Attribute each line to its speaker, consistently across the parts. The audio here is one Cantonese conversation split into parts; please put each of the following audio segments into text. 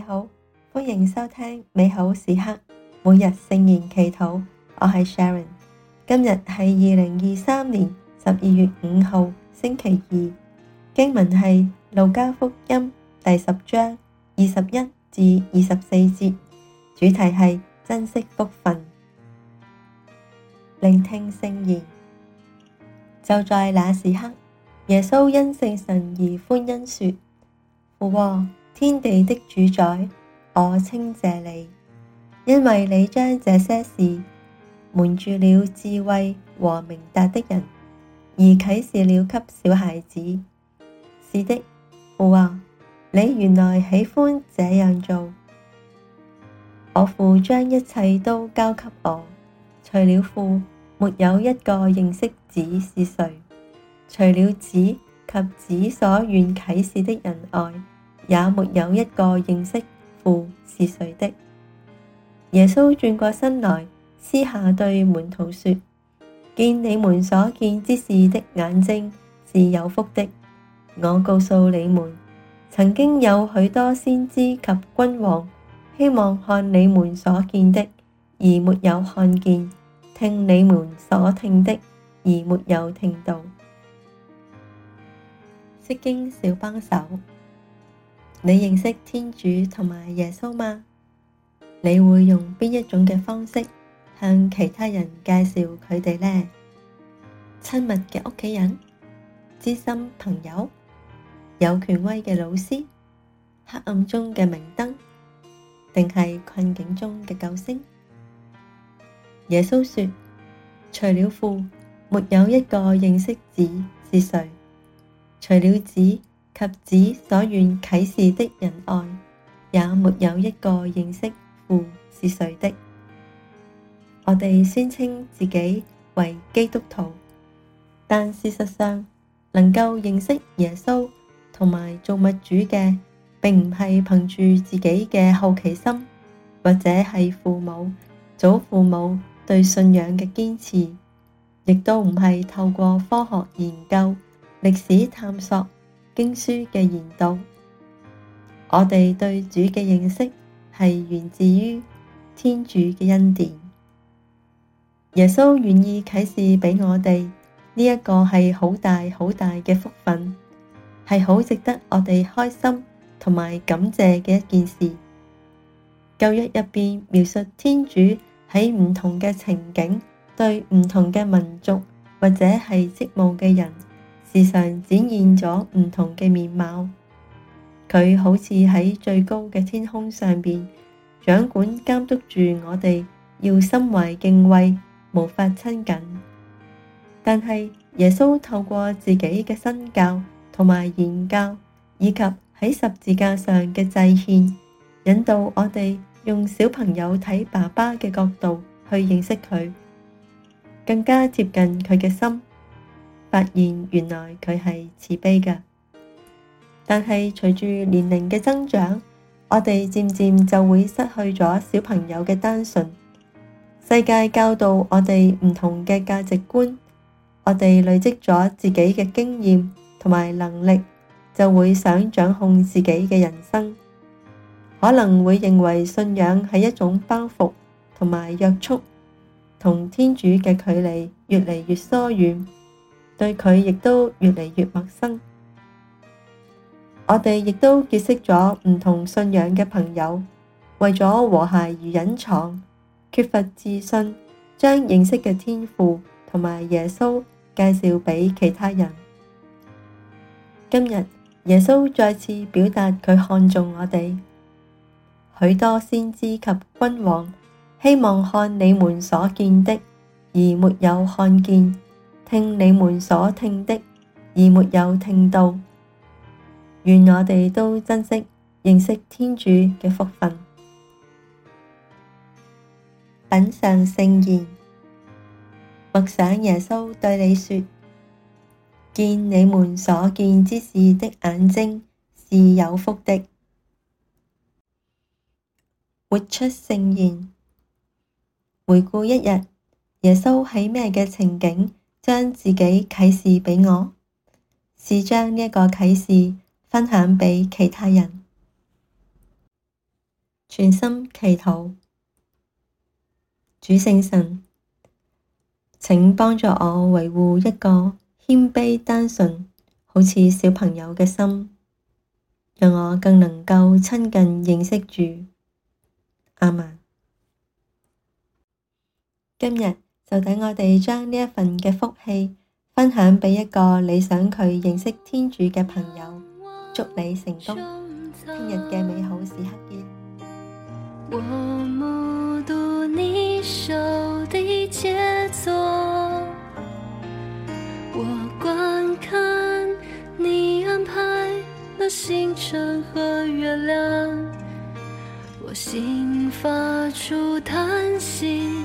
Speaker 1: 你好，歡迎收聽美好時刻，每日聖言祈禱。我係 Sharon，今日係二零二三年十二月五號星期二，經文係路加福音第十章二十一至二十四節，主題係珍惜福分。聆聽聖言，就在那時刻，耶穌因聖神而歡欣說：「父啊！天地的主宰，我稱謝你，因為你將這些事瞞住了智慧和明達的人，而啟示了給小孩子。是的，父啊，你原來喜歡這樣做。我父將一切都交給我，除了父，沒有一個認識子是誰，除了子及子所願啟示的人外。也沒有一個認識父是誰的。耶穌轉過身來，私下對門徒說：「見你們所見之事的眼睛是有福的。我告訴你們，曾經有許多先知及君王，希望看你們所見的，而沒有看見；聽你們所聽的，而沒有聽到。」釋經小幫手。你認識天主同埋耶穌嗎？你會用邊一種嘅方式向其他人介紹佢哋呢？親密嘅屋企人、知心朋友、有權威嘅老師、黑暗中嘅明燈，定係困境中嘅救星？耶穌說：除了父，沒有一個認識子是誰；除了子。及子所願啟示的人外，也沒有一個認識父是誰的。我哋宣稱自己為基督徒，但事實上能夠認識耶穌同埋造物主嘅，並唔係憑住自己嘅好奇心，或者係父母、祖父母對信仰嘅堅持，亦都唔係透過科學研究、歷史探索。經書嘅研讀，我哋對主嘅認識係源自於天主嘅恩典。耶穌願意啟示俾我哋呢，一個係好大好大嘅福分，係好值得我哋開心同埋感謝嘅一件事。舊約入邊描述天主喺唔同嘅情景，對唔同嘅民族或者係職務嘅人。時常展現咗唔同嘅面貌，佢好似喺最高嘅天空上面掌管監督住我哋，要心懷敬畏，無法親近。但係耶穌透過自己嘅身教同埋言教，以及喺十字架上嘅祭獻，引導我哋用小朋友睇爸爸嘅角度去認識佢，更加接近佢嘅心。發現原來佢係慈悲嘅，但係隨住年齡嘅增長，我哋漸漸就會失去咗小朋友嘅單純。世界教導我哋唔同嘅價值觀，我哋累積咗自己嘅經驗同埋能力，就會想掌控自己嘅人生。可能會認為信仰係一種包袱同埋約束，同天主嘅距離越嚟越疏遠。對佢亦都越嚟越陌生，我哋亦都結識咗唔同信仰嘅朋友。為咗和諧而隱藏，缺乏自信，將認識嘅天父同埋耶穌介紹畀其他人。今日耶穌再次表達佢看重我哋。許多先知及君王希望看你們所見的，而沒有看見。聽你們所聽的，而沒有聽到。願我哋都珍惜認識天主嘅福分，品嚐聖言，默想耶穌對你說：見你們所見之事的眼睛是有福的。活出聖言，回顧一日，耶穌喺咩嘅情景？將自己啟示畀我，是將呢一個啟示分享畀其他人。全心祈禱，主聖神，請幫助我維護一個謙卑單純、好似小朋友嘅心，讓我更能夠親近認識主。阿們。今日。就等我哋將呢一份嘅福氣分享俾一個你想佢認識天主嘅朋友，祝你成功！聽日嘅美好時刻見。
Speaker 2: 我目睹你手的傑作，我觀看你安排了星辰和月亮，我心發出嘆息，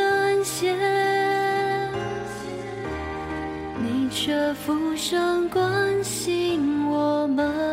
Speaker 2: 這浮生關心我們。